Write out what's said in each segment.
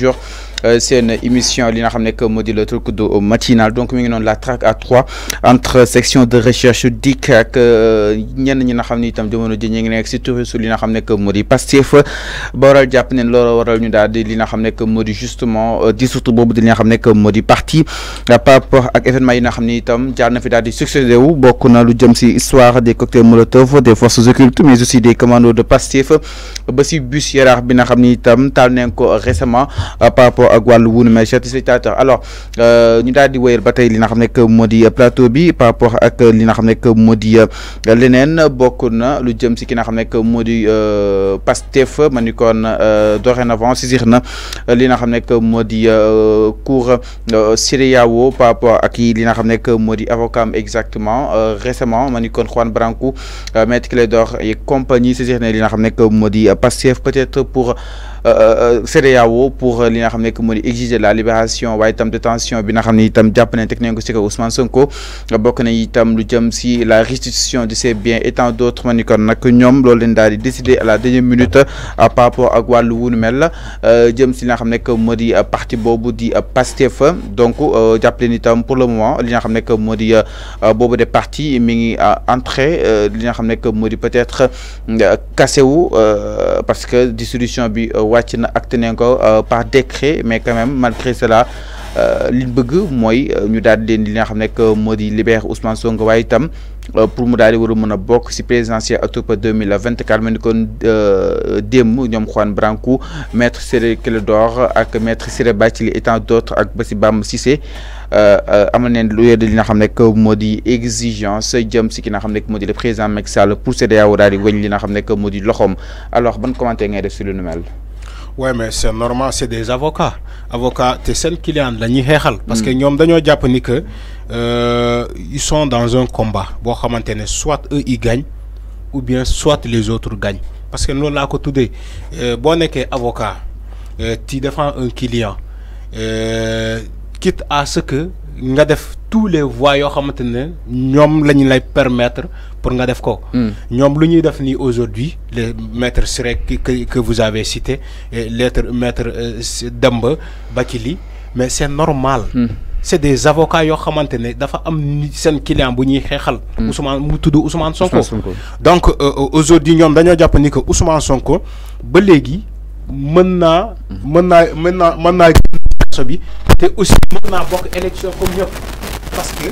Sure une euh, émission li nga xamné que moo truc du matinal donc mi ngi non la track à trois entre section de recherche dik ak euh, ñen ñi nga xam ne itam jamono ji ñu ngi nekk si tourisme li nga xamné que moo Pastef boral japp jàpp ne loolu waral ñu daal li nga xamné que moo justement dissoute euh, bobu di nga xamné que moo parti par rapport ak événement yi nga xam ne itam jaar na fi daal di succédé wu bokk na lu jëm ci histoire des cocktails molotov des forces occultes mais aussi des commandos de Pastef ba ci bus yaraax bi nga xam ne itam nañ ko récemment par rapport alors nous euh, avons di le bataille li euh, plateau bi par rapport à euh, li que nous lu jëm avons ki que nous avons dit que Pastef dorénavant saisir li nous cour par rapport à avocat exactement récemment manucon Juan Branco Maître Clédor et compagnie c'est que li avons que que peut-être pour euh, euh, euh, CEDEAO pour li nga xamné que exiger la libération waaye tam détention bi nga xamné tam japp jàpp tek teg nañ ko ci kaw Ousmane Sonko bokk na itam lu jëm si la restitution de ces biens et tant d'autres ma ni kon nag ñoom leen daal di décider à la dernière minute par rapport ak walu wunu mel jëm ci nga xamné que modi parti bobu di Pastef donc japp leen itam pour le moment li nga xamné que modi bobu de parti mi ngi entrer li nga xamné que modi peut-être cassé wu parce que dissolution bi wàcc na acté nañ euh, par décret mais quand même malgré cela euh, li moi nous euh, ñu daal di leen li nga libère Ousmane Sonko waaye pour mu daal di war a mën a bokk si 2024 car ni kon démb ñoom Juan Branco maître Cyril Keldor ak maître Cyril Bathily et tant d'autres ak Bassi Bam Cissé c'est neen lu de li nga Modi exigence jëm si ki nga xam modi le président Macky Sall pour CEDEAO daal di weñ li nga l'homme alors ban commentaire ngay def numéro oui mais c'est normal c'est des avocats avocats c'est un client la parce que nous avons dit ils sont dans un combat soit eux ils gagnent ou bien soit les autres gagnent parce que nous là ko tuddee euh, avocat euh, tu défends un client euh, quitte à ce que nga tous les voies yoo xamante ne ñoom la lay permettre pour nga def ko. Hmm. ñoom lu def aujourd'hui les maîtres Siré que que vous avez cité et l'être maître euh, Demba Bathily mais c'est normal. Hmm. c'est des avocats yoo xamante ne dafa am seen client bu ñuy xeexal. Hmm. Ousmane mu tudd Ousmane Sonko. donc euh, euh, aujourd'hui ñoom dañoo jàpp ni que Ousmane Sonko ba léegi mën naa. mën naa bi te aussi mën naa comme parce que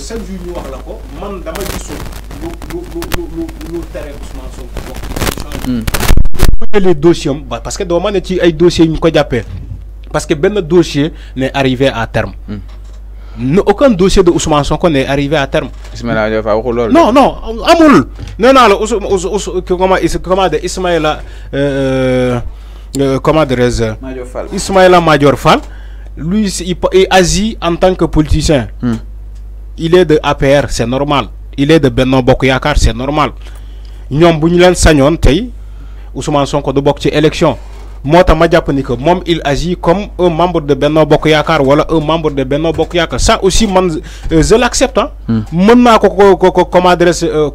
chaque euh, jour ñu là quoi man dama gisul lu lu lu lu lu Ousmane Sonko wax hmm. les dossiers bah, parce que doo ma ne ci ay dossiers ñu ko jàppee parce que ben dossier n'est arrivé à terme hmm. aucun dossier de Ousmane Sonko n'est arrivé à terme. Ismaïla Faye ah, waxul loolu. non non amul non non la Ous Ous comment comment de Ismaïla euh, euh, comment dirais-je. Madior Fall Ismaïla Madior Fall lui, il, en tant que politicien. Hmm. Il est de APR, c'est normal. Il est de Benno Bokuyakar, c'est normal. ñom buñu len leen tay Ousmane Sonko du bok ci élection moo ma japp ni il agit comme un membre de Benno Bokk Yaakaar wala un membre de Benno Bokk ça aussi man euh, je l'accepte hein. hmm. mën na ko ko ko comment euh,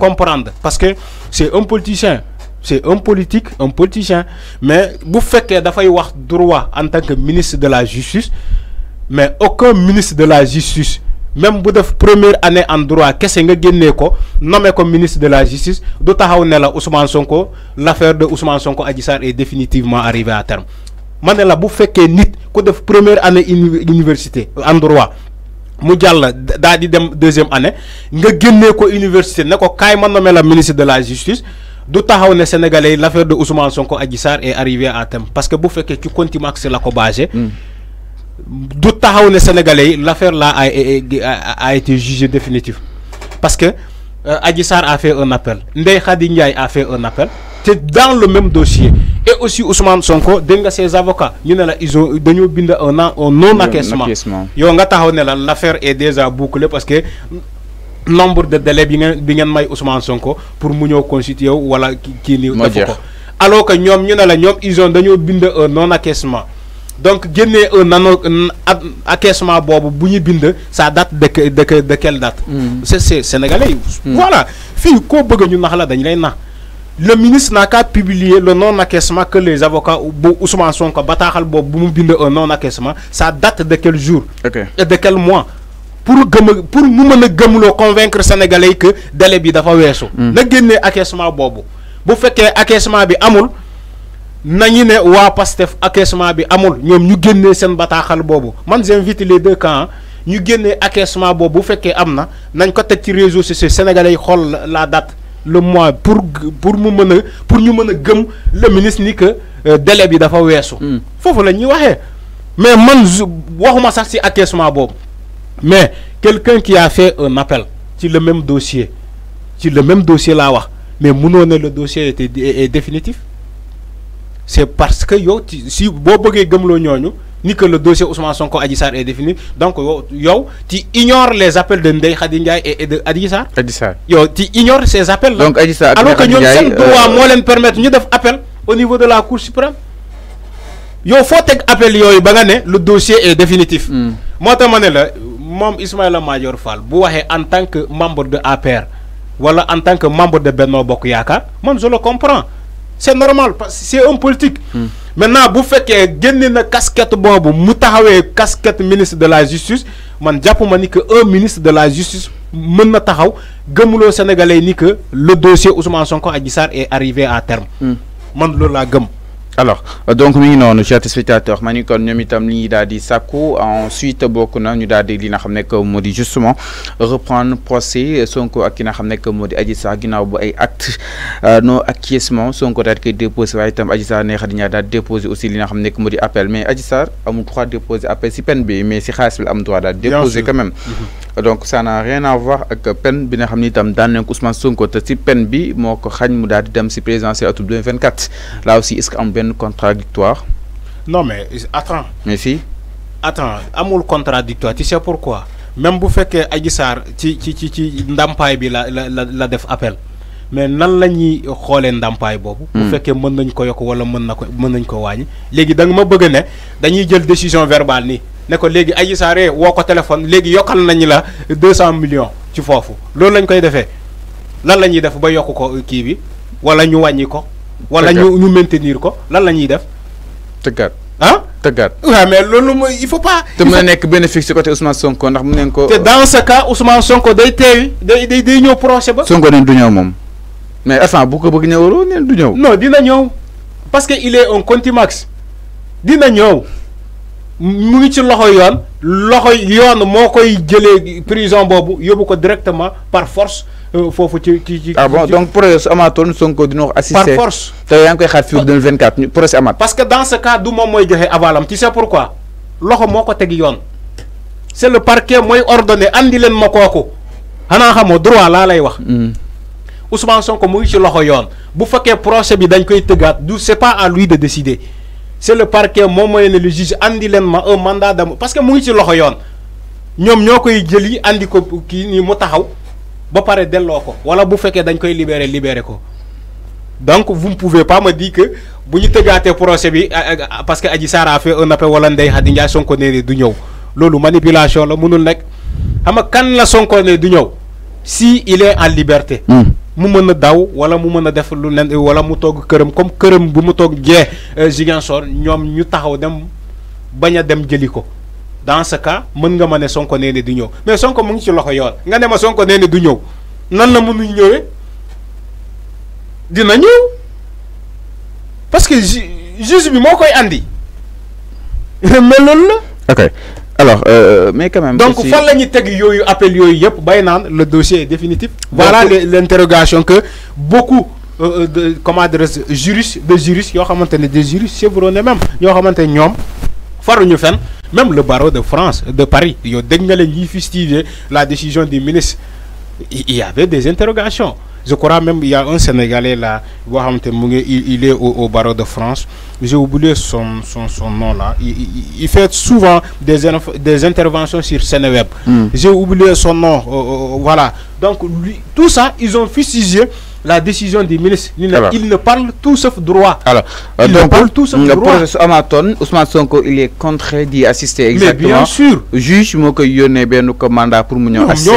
comprendre parce que c'est un politicien c'est un politique un politicien mais bu faites dafay wax droit en tant que ministre de la justice mais aucun ministre de la justice même bu def première année en droit qu'est ce nga vous ko nommé comme ministre de la justice d'autant taxaw la Ousmane Sonko l'affaire de Ousmane Sonko Adissar est définitivement arrivée à terme ma vous la que fekkee nit la première année université en droit mu jàll la deuxième année nga génnee ko université ne ko ma la ministre de la justice du taxaw sénégalais l'affaire de Ousmane Sonko Adji est arrivée à terme parce que bu fekkee ci contumace la cobager. la du taxaw ne sénégalais l'affaire là a été jugée définitive parce que à euh, a fait un appel Ndeye Khady a fait un appel c'est dans le même dossier et aussi Ousmane Sonko d'un ses avocats ñu ils ont un an un non acquiescement L'affaire nga la est déjà bouclée parce que nombre de délais bi ngeen may Ousmane Sonko pour mu ñëw constitué wala ki ni moo alors que ñom ñu ne la ñom ils ont dañoo bind un non acquiescement donc génnee un nano acquiescement bobu bu ñu bind ça date de de de quelle date. Hmm. c'est sénégalais hmm. voilà fi ko bëgg ñu nax la dañ lay nax. le ministre n'a qu'à publier le non-acquiescement que les avocats bu Ousmane Sonko bataxal bobu bu mu bind un non-acquiescement ça date de quel jour. et de quel mois pour gëm pour mu mën a convaincre sénégalais que délai bi dafa weesu. Mm. na génnee acquiescement bobu bu féké acquiescement bi amul nañu né wa PASTEF acquiescement bi amul ñom ñu génnee sen bataxal bobu man j'invite les deux camps ñu génnee acquiescement bobu bu féké amna nañ ko teg ci réseaux sociaux sénégalais xol la date le mois pour pour mu mën pour ñu mën a gëm le ministre ni que euh, délai bi dafa weesu. Mm. fofu la ñi waxé mais man waxuma sax ci acquiescement bobu mais quelqu'un qui a fait un appel sur le même dossier sur le même dossier là bas mais le dossier est définitif c'est parce que yo si vous avez dit, que le dossier Ousmane Sonko Adissar est définitif donc yo tu ignores les appels de Ndeye Khady et de Adji Yo tu ignores ces appels là. donc alors que nous sommes droit à euh, permettre ñu def appel au niveau de la Cour suprême. Yo faut appeler. appel yooyu le dossier est définitif. Hmm. Moi moom Ismaïla Major Fall bu waxee en tant que membre de APR wala en tant que membre de Benno Bokk man je le comprends C'est normal parce que c'est un politique. Hmm. maintenant bu fekkee génné na casquette bobu mu une casquette ministre de la justice man jàpp ni que un ministre de la justice mën na taxaw gëmuloo sénégalais ni que le dossier Ousmane Sonko Adissar est arrivé à terme. Hmm. man loolu la gëm alors donc mi ngi chers spectateurs ni kon li ensuite Bokuna, na ñu li nga justement reprendre procès Sonko ak ki nga avons dit. bu ay acte euh, non acquiescement Sonko daal di koy déposé waaye itam nous aussi li appel mais amul droit déposé appel si peine mais si am droit quand même mhm donc ça n'a rien à voir ak peine bi nga xam ni itam daan Ousmane Sonko te ci peine bi moko ko xañ mu si di dem ci 2024 là aussi est-ce qu'on am contradictoire non mais attends mais si attends amul contradictoire tu sais pourquoi même bu fekkee Adji Sarr ci ci ci ci bi la la la la def appel mais nan la xolé xoolee bobu boobu. bu hmm. fekkee meun nañ ko yok wala meun na ko mën nañ ko wàññi. légui dang ma bëgg ne dañuy jël décision verbale ni ne ko léegi téléphone léegi yokkal nañu la 200 millions ci foofu loolu lañ koy defee lan la ñuy def ba yokk ko kii bi wala ñu wàññi ko. wala ñu ñu maintenir ko lan la ñuy def. tëggaat ah. mais loolu il faut pas. te mën a bénéfice ci côté Ousmane Sonko dans ce cas Ousmane Sonko day teewi day day day ñëw ba. Sonko du ñëw mais instant bu ko bëgg du ñëw. non dina ñëw parce que il est un max dina ñëw mu ngi ci loxo yoon loxo yoon moo koy jëlee prison boobu yóbbu ko directement par force euh, foofu ci ci ci. ah bon donc procès amaatoon Sonko dina wax assisté par force te yaa ngi koy xaar fii 2024 ñu procès amaat. parce que dans ce cas du moom mooy joxe avalam tu sais pourquoi loxo moo ko teg yoon c' est le parquet mooy ordonné andi leen ma kooku xanaa xamoo droit laa lay wax. Hmm. Ousmane Sonko mu ngi ci loxo yoon bu fekkee procès bi dañ koy tëggaat du c' est pas à lui de décider c'est le parquet moment le juge andi un mandat parce que mu ci loxo yoon ñom andi ko ki à mu taxaw ba paré deloko wala bu dañ koy libérer libérer ko donc vous ne pouvez pas me dire que bu ñu procès bi parce que fait un appel wala du manipulation la mënul kan la Sonko du si il est en liberté. Hmm. mu mën a daw wala mu mën a def lu leen wala mu togg këram comme këram bu mu toog jee euh, Ziguinchor ñoom ñu taxaw dem bañ a dem jëli ko dans ce mën nga ma ne Sonko nee ne du ñëw mais Sonko mu ngi ci loxo yoon nga ne ma Sonko nee ne du ñëw nan la mun ñëwee dina ñëw parce que ju juge bi moo koy andi mais loolu la. ok alors euh, mais quand même. donc fan appel le dossier définitif. voilà l'interrogation que beaucoup euh, euh, de comment juristes de juristes des juristes même même le barreau de France de Paris you dégg la décision du ministre il y avait des interrogations je crois même il y a un Sénégalais là, il est au, barreau de France, j'ai oublié son, son, son, nom là, il, fait souvent des, des, interventions sur Sénéweb, hmm. j'ai oublié son nom, euh, euh, euh, voilà. Donc lui, tout ça, ils ont fustigé la décision des ministres. Ils, ne parlent tout sauf droit. Alors, ils donc, ne parlent tout sauf le droit. professeur Amaton, Ousmane Sonko, il est contraint d'y assister exactement. Mais bien sûr. Juge, moi que yone bien nous commanda pour nous assister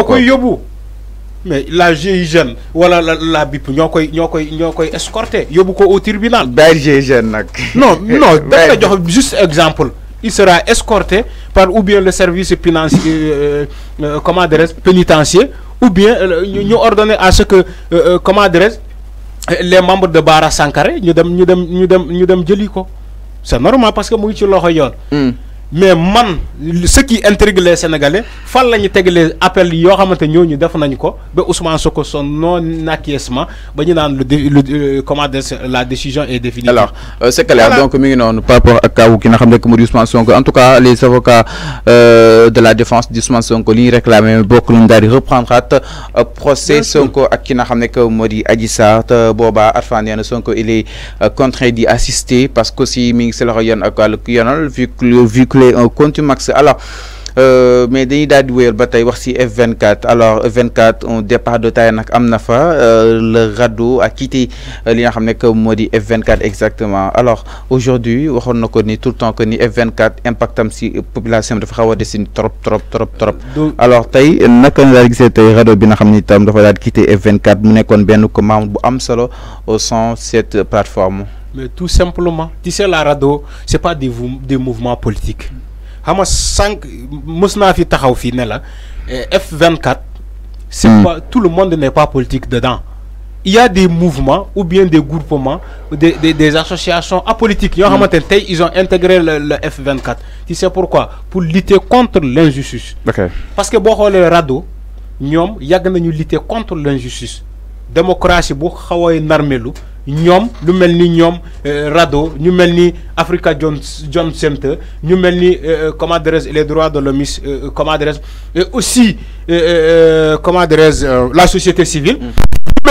mais la GIGN voilà la la BIP nous au tribunal. belle GIGN non non juste exemple. il sera escorté par ou bien le service financier euh, euh, euh, pénitentiaire ou bien ñu ordonné à ce que comment les membres de Bara Sankaré ñu dem ñu dem ñu c'est normal parce que nous mais man ce qui intrigue les sénégalais fan la ñu tegalee appel yoo xamante ñooñu def nañ ko ba Ousmane Sonko son non acquiescement ba ñu naan le euh, comment la décision est définitive. alors euh, c'est clair donc mi ngi noonu par rapport ak kaw ki nga xam ne Ousmane Sonko en tout cas les avocats euh, de la défense d'Ousmane Sonko li ñu réclamé bokk nañu daal reprendre at procès Sonko ak ki nga xam ne moo di Adji Sarr te Arfan nee Sonko il est contraint d'y assister parce que si mi ngi si loxo yoon ak vu que vu que on euh, continue max alors euh, mais dañuy daal di wéyal F24 alors 24 on départ de taille Amnafa, fa euh, le radeau a quitté li nga que maudit F24 exactement alors aujourd'hui on na tout le temps que ni F24 impacte am ci population de fraude et a trop trop trop trop. alors tey naka la daal gisee le radeau bi nga xam ni itam quitté F24 mu nekkoon benn commande bu am solo au sein cette plateforme mais tout simplement tu sais la rado c'est pas des des mouvements politiques eh, F24 c'est hmm. pas tout le monde n'est pas politique dedans il y a des mouvements ou bien des groupements des des, associations apolitiques hmm. ils ont intégré le, F24 tu sais pourquoi pour lutter contre l'injustice parce que boo rado nous, nañu lutter contre l'injustice démocratie si on a ñom lu melni ñom euh, rado ñu melni africa Africa John Center ñu melni ni euh, euh, comment dirais les droits de l'homme comment dirais et aussi comment dirais la société civile. Mm. ñu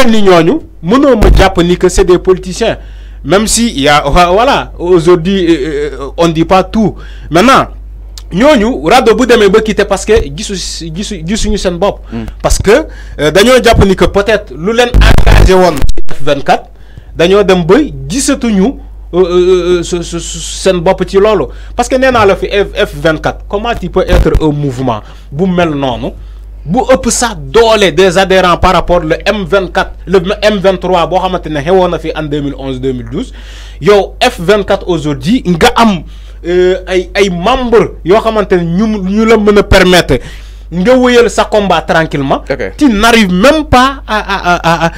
mel ni ñooñu ma japp ni que c'est des politiciens même si il y a voilà aujourd'hui on dit pas tout maintenant. ñoñu rado bu démé ba quitter parce que gisu gisu gisuñu sen bop mm. parce que dañoo japp ni que peut-être lu len engagé won ci F24 dañoo dem nous gisatuñu euh, euh, euh, seen bopp ci lolo parce que nee naa la fi F24 comment il peut être un mouvement bu mel noonu bu ëpp sax doole des adhérents par rapport le M24 le M23 boo xamante ne xewoon na fi en 2011 2012 yow F24 aujourd'hui nga am ay ay membres yoo xamante ne ñu la mën a permettre nga sa combat tranquillement tu n'arrives même pas à à à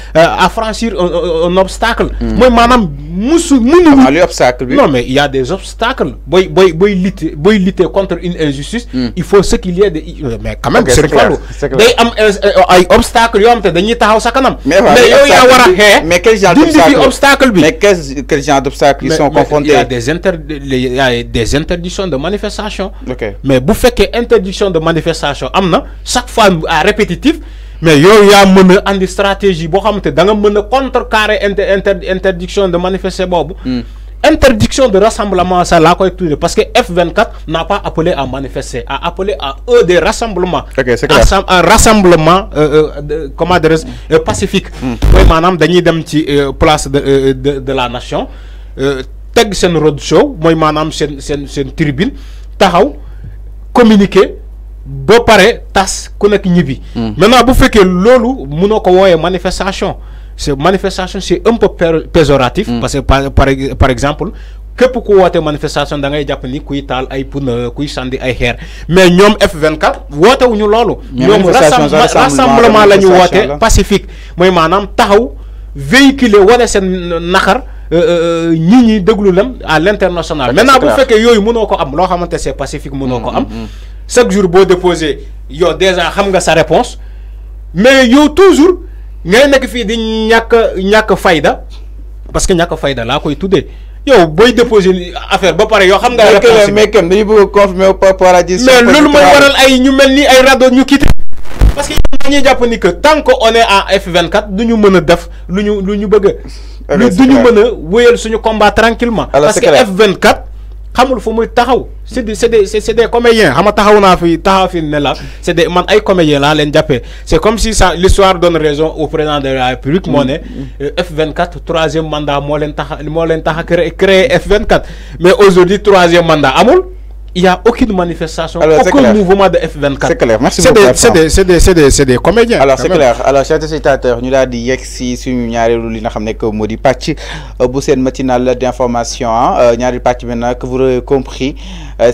à franchir un obstacle. Hmm. Moi maanaam musu mënuñu. Ah, obstacle non mais il y a des obstacles boy boy boy lutter boy lutter contre une injustice. Hmm. il faut ce qu'il y ait de euh, mais quand même. c'est clair day am euh, euh, ay obstacles yoo te dañuy taxaw sa kanam. mais yow mais quel genre d'obstacle obstacle mais quel quel genre d'obstacle ils sont confrontés. il y a des inter y a des interdictions de manifestation. mais faites que interdiction de manifestation chaque fois répétitif mais il ya a andi stratégie boo xamante da nga contrecarrer interdiction de manifester bob hmm. interdiction de rassemblement ça la koy parce que F24 n'a pas appelé à manifester a appelé à eux des rassemblements. un rassemblement euh, euh, comment dirais-je euh, pacifique. Hmm. mooy manam dañuy dem ci place de de la nation c'est une roadshow moy manam sen une sen tribune taxaw communiquer. ba pare tas ku nekk ñibbi. Hmm. maintenant bu fekkee loolu mënoo ko wooyee manifestation c'est manifestation c'est un peu péjoratif. Hmm. que par par exemple képp ku woote manifestation da ngay jàpp ni kuy taal ay pneu kuy sandi ay xeer mais ñoom F24 woote wu ñu loolu. ñoom rassemblement la ñu woote pacifique mooy maanaam taxaw véhiculer wala seen naxar. ñi euh, euh, euh, ñi déglu lam à l'international maintenant bu fekkee yooyu mënoo ko am loo xamante c'est pacifique mënoo hmm, ko am. chaque jour il déposé a déjà sa réponse mais a toujours ngay nek fi fayda parce que ñak fayda koy affaire ba xam nga. réponse mais que dañu bëgg a confirmer au à. mais loolu waral ay ñu melni ay radio ñu parce que tant que est à F24 nous mëna def lu luñu bëgg combat tranquillement parce que F24 xamul fu muy taxaw c'est des c'est des c'est des comédiens xama taxaw na fi taxaw fi ne la c'est des man ay comédiens la len jappé c'est comme si ça l'histoire donne raison au président de la République moo euh, F24 troisième mandat mo len tax mo len tax a créé F24 mais aujourd'hui troisième mandat amul il n'y a aucune manifestation, aucun mouvement de F24. C'est clair, merci beaucoup. C'est des, comédiens. Alors, c'est clair. Alors, chers nous l'avons dit, si nous avons dit que euh, nous hein, euh, vous avez compris. Euh,